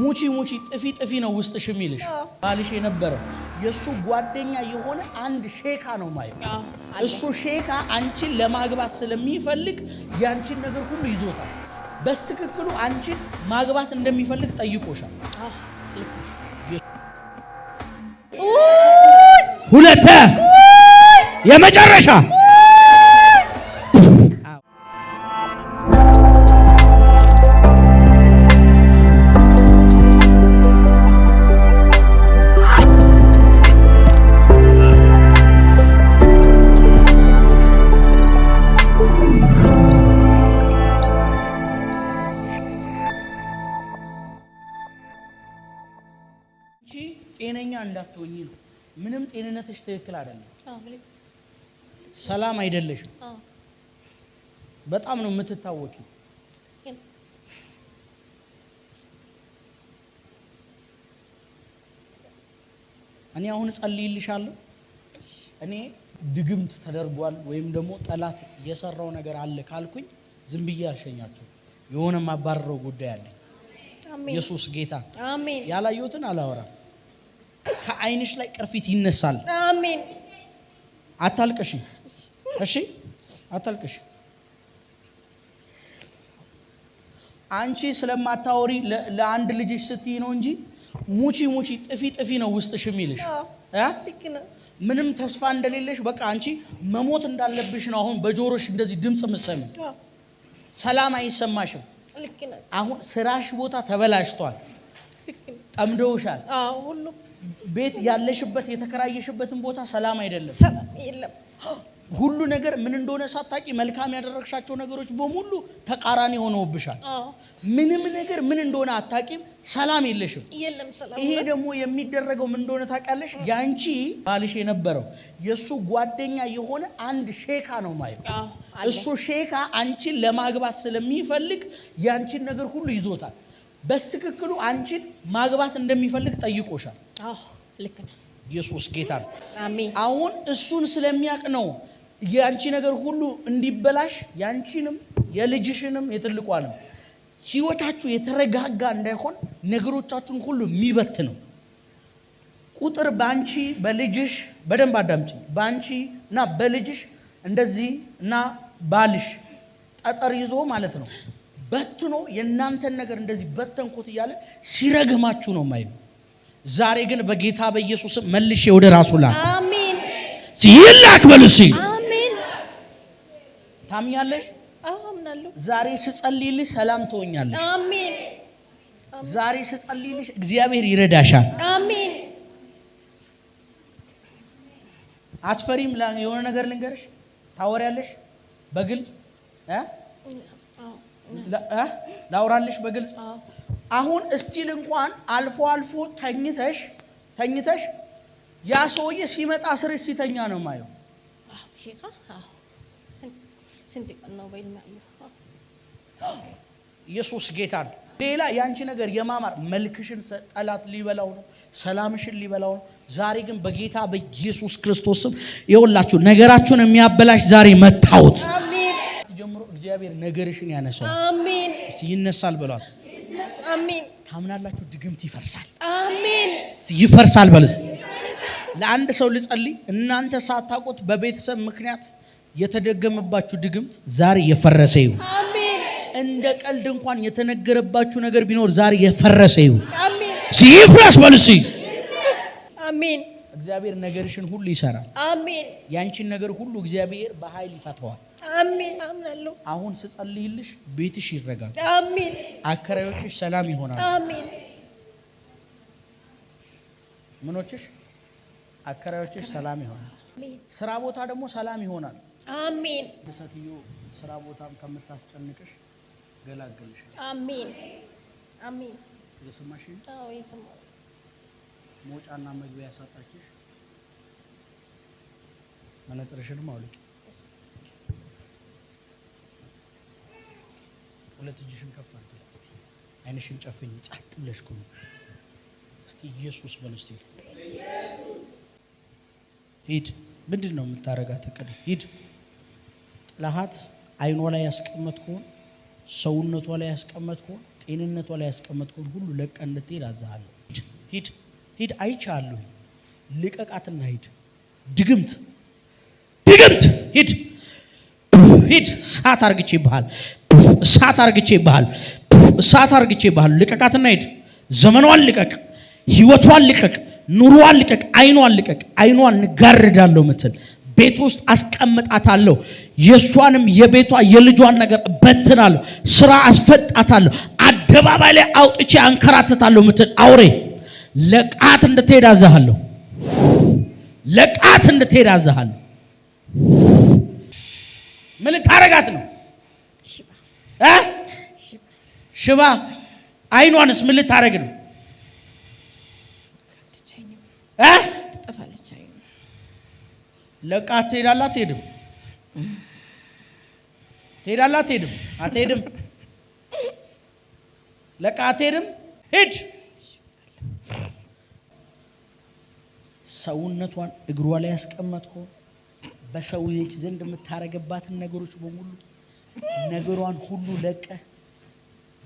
ሙቺ ሙቺ ጥፊ ጥፊ ነው ውስጥሽ የሚልሽ ባልሽ የነበረው የእሱ ጓደኛ የሆነ አንድ ሼካ ነው ማየው። እሱ ሼካ አንቺን ለማግባት ስለሚፈልግ የአንቺን ነገር ሁሉ ይዞታል። በስትክክሉ አንቺን ማግባት እንደሚፈልግ ጠይቆሻል። ሁለተ የመጨረሻ ጤነኛ እንዳትሆኝ ነው። ምንም ጤንነትሽ ትክክል አይደለም። ሰላም አይደለሽም። በጣም ነው የምትታወቂው። እኔ አሁን ጸልይልሻለሁ። እኔ ድግምት ተደርጓል ወይም ደግሞ ጠላት የሰራው ነገር አለ ካልኩኝ ዝም ብዬ አልሸኛችሁ። የሆነ ማባረረው ጉዳይ አለኝ። ኢየሱስ ጌታ። አሜን። ያላየሁትን አላወራም። ከአይንሽ ላይ ቅርፊት ይነሳል። አሜን። አታልቅሽ፣ እሺ፣ አታልቅሽ። አንቺ ስለማታወሪ ለአንድ ልጅሽ ስትይ ነው እንጂ ሙቺ ሙቺ ጥፊ ጥፊ ነው ውስጥሽ የሚልሽ ምንም ተስፋ እንደሌለሽ በቃ አንቺ መሞት እንዳለብሽ ነው። አሁን በጆሮሽ እንደዚህ ድምፅ ምሰሚ፣ ሰላም አይሰማሽም። አሁን ስራሽ ቦታ ተበላሽቷል፣ ጠምደውሻል። ቤት ያለሽበት የተከራየሽበትን ቦታ ሰላም አይደለም፣ ሰላም የለም። ሁሉ ነገር ምን እንደሆነ ሳታቂ መልካም ያደረግሻቸው ነገሮች በሙሉ ተቃራኒ ሆነውብሻል። ምንም ነገር ምን እንደሆነ አታቂም፣ ሰላም የለሽም። ይሄ ደግሞ የሚደረገው ምን እንደሆነ ታውቂያለሽ? ያንቺ ባልሽ የነበረው የእሱ ጓደኛ የሆነ አንድ ሼካ ነው ማየት። እሱ ሼካ አንቺን ለማግባት ስለሚፈልግ ያንቺን ነገር ሁሉ ይዞታል። በስትክክሉ አንቺን ማግባት እንደሚፈልግ ጠይቆሻል። ልክ ነው። ኢየሱስ ጌታ ነው። አሁን እሱን ስለሚያውቅ ነው የአንቺ ነገር ሁሉ እንዲበላሽ የአንቺንም የልጅሽንም የትልቋንም ህይወታችሁ የተረጋጋ እንዳይሆን ነገሮቻችሁን ሁሉ የሚበት ነው። ቁጥር በአንቺ በልጅሽ በደንብ አዳምጪኝ። በአንቺ እና በልጅሽ እንደዚህ እና ባልሽ ጠጠር ይዞ ማለት ነው በትኖ የእናንተን ነገር እንደዚህ በተንኮት እያለ ሲረግማችሁ ነው ማየው ዛሬ ግን በጌታ በኢየሱስ መልሼ ወደ ራሱ ላ አሜን። ሲላክ በልሲ አሜን። ታምኛለሽ? አምናለሁ። ዛሬ ስጸልይልሽ ሰላም ትሆኛለሽ። አሜን። ዛሬ ስጸልይልሽ እግዚአብሔር ይረዳሻል። አሜን። አትፈሪም። የሆነ ነገር ልንገርሽ፣ ታወሪያለሽ በግልጽ እ ላውራልሽ በግልጽ አሁን እስቲል እንኳን አልፎ አልፎ ተኝተሽ ተኝተሽ ያ ሰውዬ ሲመጣ ስር ሲተኛ ነው ማየው። ኢየሱስ ጌታ ነው። ሌላ የአንቺ ነገር የማማር መልክሽን ጠላት ሊበላው ነው፣ ሰላምሽን ሊበላው ነው። ዛሬ ግን በጌታ በኢየሱስ ክርስቶስ ስም ይኸውላችሁ ነገራችሁን የሚያበላሽ ዛሬ መታወት ጀምሮ እግዚአብሔር ነገርሽን ያነሳዋል። ይነሳል ብሏት አሜን። ታምናላችሁ? ድግምት ይፈርሳል። አሜን። ይፈርሳል በለስ ለአንድ ሰው ልጸልይ። እናንተ ሳታውቁት በቤተሰብ ምክንያት የተደገመባችሁ ድግምት ዛሬ የፈረሰ ይሁን። እንደ ቀልድ እንኳን የተነገረባችሁ ነገር ቢኖር ዛሬ የፈረሰ ይሁን። ሲይፍራስ በልሲ አሜን። እግዚአብሔር ነገርሽን ሁሉ ይሰራል። አሜን። ያንቺን ነገር ሁሉ እግዚአብሔር በኃይል ይፈታዋል። አሜን። አምናለሁ። አሁን ስጸልይልሽ ቤትሽ ይረጋል። አሜን። አከራዮችሽ ሰላም ይሆናል። አሜን። ምኖችሽ አከራዮችሽ ሰላም ይሆናል። ስራ ቦታ ደግሞ ሰላም ይሆናል። አሜን። ሴትዮ ስራ ቦታም ከምታስጨንቅሽ ገላገልሽ። አሜን። አሜን። የሰማሽ? አዎ የሰማሁ መውጫና መግቢያ ያሳጣችሽ። መነጽርሽንም አውልቂ። ሁለት እጅሽን ከፍ አድርጊ። አይንሽን ጨፍኝ። ጸጥ ብለሽ ቁሚ። እስቲ ኢየሱስ በሉ። እስቲ ሂድ። ምንድን ነው የምታረጋት? እቅድ ሂድ። ጥላሃት አይኗ ላይ ያስቀመጥከውን፣ ሰውነቷ ላይ ያስቀመጥከውን፣ ጤንነቷ ላይ ያስቀመጥከውን ሁሉ ለቀ እንድትሄድ አዝሃለሁ። ሂድ ሂድ ሂድ አይቻለሁ ልቀቃትና ሂድ። ድግምት ድግምት ሂድ ሂድ እሳት አርግቼ ይባሃል እሳት አርግቼ ይባሃል እሳት አርግቼ ይባሃል። ልቀቃትና ሂድ። ዘመኗን ልቀቅ፣ ህይወቷን ልቀቅ፣ ኑሯን ልቀቅ፣ አይኗን ልቀቅ። አይኗን ንጋርዳለሁ ምትል ቤት ውስጥ አስቀምጣታለሁ። የእሷንም የቤቷ የልጇን ነገር በትናለሁ። ስራ አስፈጣታለሁ። አደባባይ ላይ አውጥቼ አንከራትታለሁ ምትል አውሬ ለቃት እንድትሄድ አዛሃለሁ። ለቃት እንድትሄድ አዛሃለሁ። ምን ልታረጋት ነው? ሽባ አይኗንስ ምን ልታረግ ነው? ለቃት ትሄዳላ አትሄድም? ትሄዳላ አትሄድም? አትሄድም? ለቃት ትሄድም? ሂድ ሰውነቷን እግሯ ላይ ያስቀመጥኮ በሰው ልጅ ዘንድ የምታረገባትን ነገሮች በሙሉ ነገሯን ሁሉ ለቀ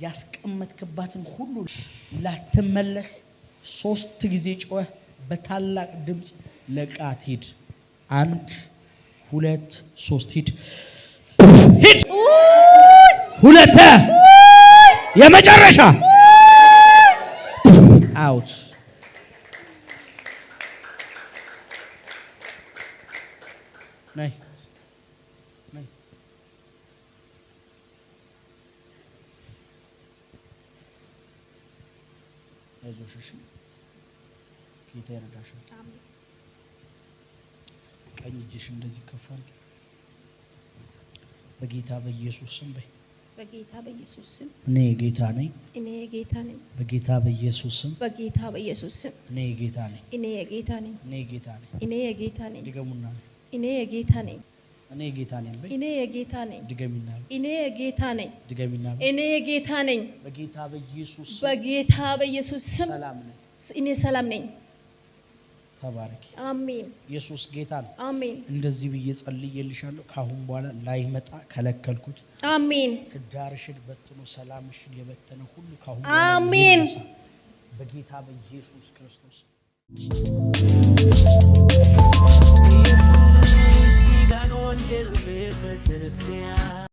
ያስቀመጥክባትን ሁሉ ላትመለስ ሶስት ጊዜ ጮኸ በታላቅ ድምፅ ለቃት ሂድ። አንድ ሁለት ሶስት ሂድ ሂድ። ሁለተ የመጨረሻ አውት አይዞሽ፣ ጌታ ይረዳሻል። ቀኝ እጅሽ እንደዚህ ከፍ አድርጊ። በጌታ በኢየሱስ ስም በይ። በጌታ በኢየሱስ ስም እኔ የጌታ ነኝ። እኔ ጌታ ነኝ። በጌታ በኢየሱስ ስም በጌታ በኢየሱስ ስም እኔ ጌታ ነኝ። እኔ ጌታ ነኝ። እኔ ጌታ ነኝ። እኔ ጌታ ነኝ። ድገሙና እኔ ጌታ ነኝ። እኔ የጌታ ነኝ። እኔ የጌታ ነኝ። ድገሚና እኔ የጌታ ነኝ። ድገሚና እኔ የጌታ ነኝ። በጌታ በኢየሱስ በጌታ በኢየሱስ ስም እኔ ሰላም ነኝ። ተባረኪ። አሜን። ኢየሱስ ጌታ ነው። አሜን። እንደዚህ ብዬ ጸልዬልሻለሁ። ካሁን በኋላ ላይመጣ ከለከልኩት። አሜን። ትዳርሽን በትኖ ሰላምሽን የበተነ ሁሉ ካሁን አሜን። በጌታ በኢየሱስ ክርስቶስ Elbette Celestia